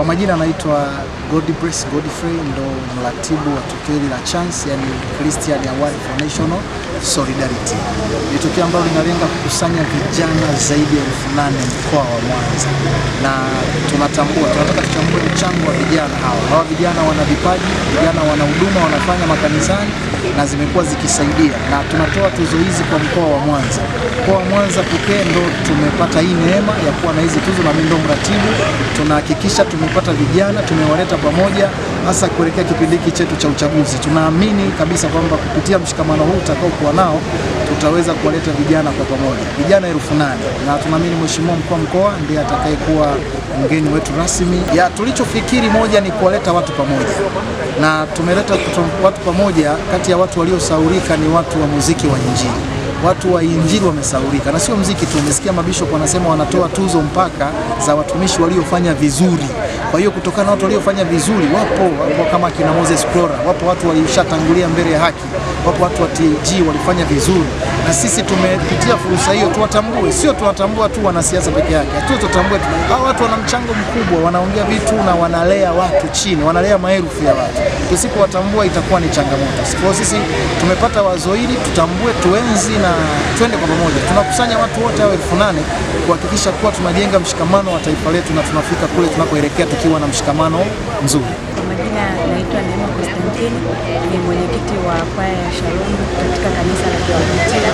Kwa majina anaitwa Godbless Godfrey, ndo mratibu wa tukio la Chance, yani Christian Award National Solidarity. Ni tukio ambalo linalenga kukusanya vijana zaidi ya elfu nane mkoa wa Mwanza, na tunatambua tunataka tuchambue mchango wa vijana hawa. Hawa vijana wana vipaji, vijana wana huduma wanafanya makanisani na zimekuwa zikisaidia, na tunatoa tuzo hizi kwa mkoa wa Mwanza. Mkoa wa Mwanza pekee ndo tumepata hii neema ya kuwa na hizi tuzo, na mimi ndo mratibu, tunahakikisha tume kupata vijana, tumewaleta pamoja hasa kuelekea kipindi hiki chetu cha uchaguzi. Tunaamini kabisa kwamba kupitia mshikamano huu utakaokuwa nao tutaweza kuwaleta vijana kwa pamoja, vijana elfu nane na tunaamini Mheshimiwa mkuu wa mkoa ndiye atakayekuwa mgeni wetu rasmi. Ya tulichofikiri moja ni kuwaleta watu pamoja, na tumeleta watu pamoja. Kati ya watu waliosaurika ni watu wa muziki wa Injili watu wa Injili wamesaurika, na sio mziki tu. Umesikia mabishopu wanasema wanatoa tuzo mpaka za watumishi waliofanya vizuri. Kwa hiyo kutokana na watu waliofanya vizuri wapo, wapo kama kina Moses Plora, wapo watu walishatangulia mbele ya haki, wapo watu wa tg walifanya vizuri na sisi tumepitia fursa hiyo, tuwatambue. Sio tuwatambua tu wanasiasa peke yake, tutambue hao watu wana mchango mkubwa, wanaongea vitu na wanalea watu chini, wanalea maelfu ya watu. Tusipowatambua itakuwa ni changamoto. Kwa sisi tumepata wazo hili, tutambue, tuenzi na twende kwa pamoja. Tunakusanya watu wote hao elfu nane kuhakikisha kuwa tunajenga mshikamano wa taifa letu na tunafika kule tunakoelekea tukiwa na mshikamano mzuri. Majina naitwa Neema ni mwenyekiti wa kwaya ya Shalom katika kanisa la Kiadventista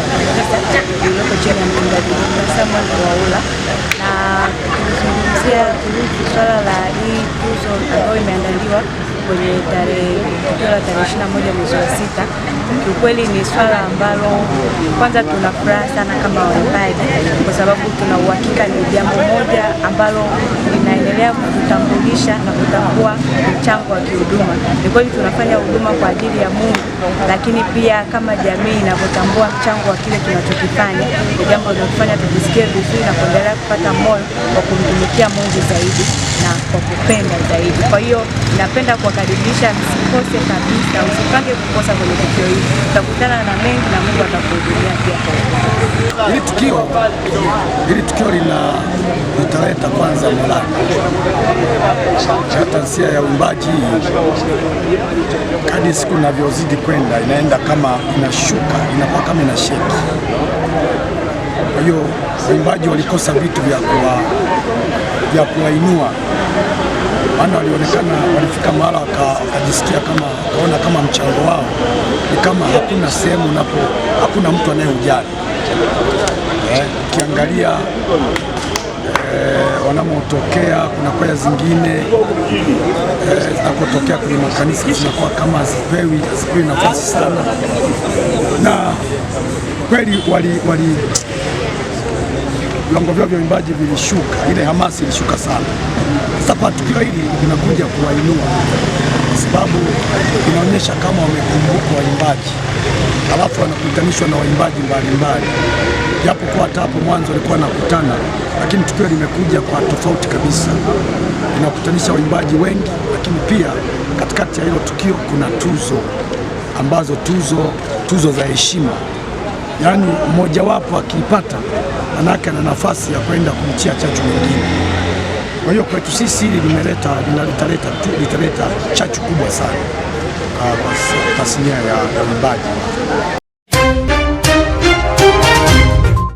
iliyoko chini ya mtendaji mkuu Samuel Mwaula, swala la hii tuzo ambayo imeandaliwa kwenye tarehe tola la tarehe ishirini na moja mwezi wa sita. Kiukweli ni swala ambalo kwanza tuna furaha sana kama waimbaji, kwa sababu tuna uhakika ni jambo moja ambalo kuendelea kututambulisha na kutambua mchango wa kihuduma. Ni kweli tunafanya huduma kwa ajili ya Mungu, lakini pia kama jamii inavyotambua mchango wa kile tunachokifanya, ni jambo linatufanya tujisikie vizuri na kuendelea kupata moyo wa kumtumikia Mungu zaidi na kwa kupenda zaidi. Kwa hiyo napenda kuwakaribisha, msikose kabisa, usipange kukosa kwenye tukio hili. Tutakutana na mengi na Mungu atakuhudumia pia. Hili tukio hili tukio lina italeta kwanza morali hata sia ya uimbaji kadi siku inavyozidi kwenda inaenda kama inashuka, inakuwa kama ina sheki. Kwa hiyo waimbaji walikosa vitu vya kuwa vya kuwainua, maana walionekana walifika mara wakajisikia kama wakaona kama mchango wao ni kama hakuna sehemu napo, hakuna mtu anayeujali eh, ukiangalia Eh, wanamotokea. Kuna kwaya zingine e, zinapotokea kwenye makanisa zinakuwa kama zipewi zipewi nafasi sana, na kweli wali, wali viwango vyao vya uimbaji vilishuka, ile hamasi ilishuka sana. Sasa tukio hili linakuja kuwainua kwa sababu inaonyesha kama wamekumbuka waimbaji, alafu wanakutanishwa na waimbaji mbalimbali, japo hata hapo mwanzo walikuwa wanakutana, lakini tukio limekuja kwa tofauti kabisa, inakutanisha waimbaji wengi, lakini pia katikati ya hilo tukio kuna tuzo ambazo tuzo tuzo za heshima yaani mmojawapo akiipata manake ana nafasi ya kwenda kumtia chachu mwingine. Kwa hiyo kwetu sisi hili limeleta linaleta litaleta chachu kubwa sana kwa tasnia ya uimbaji.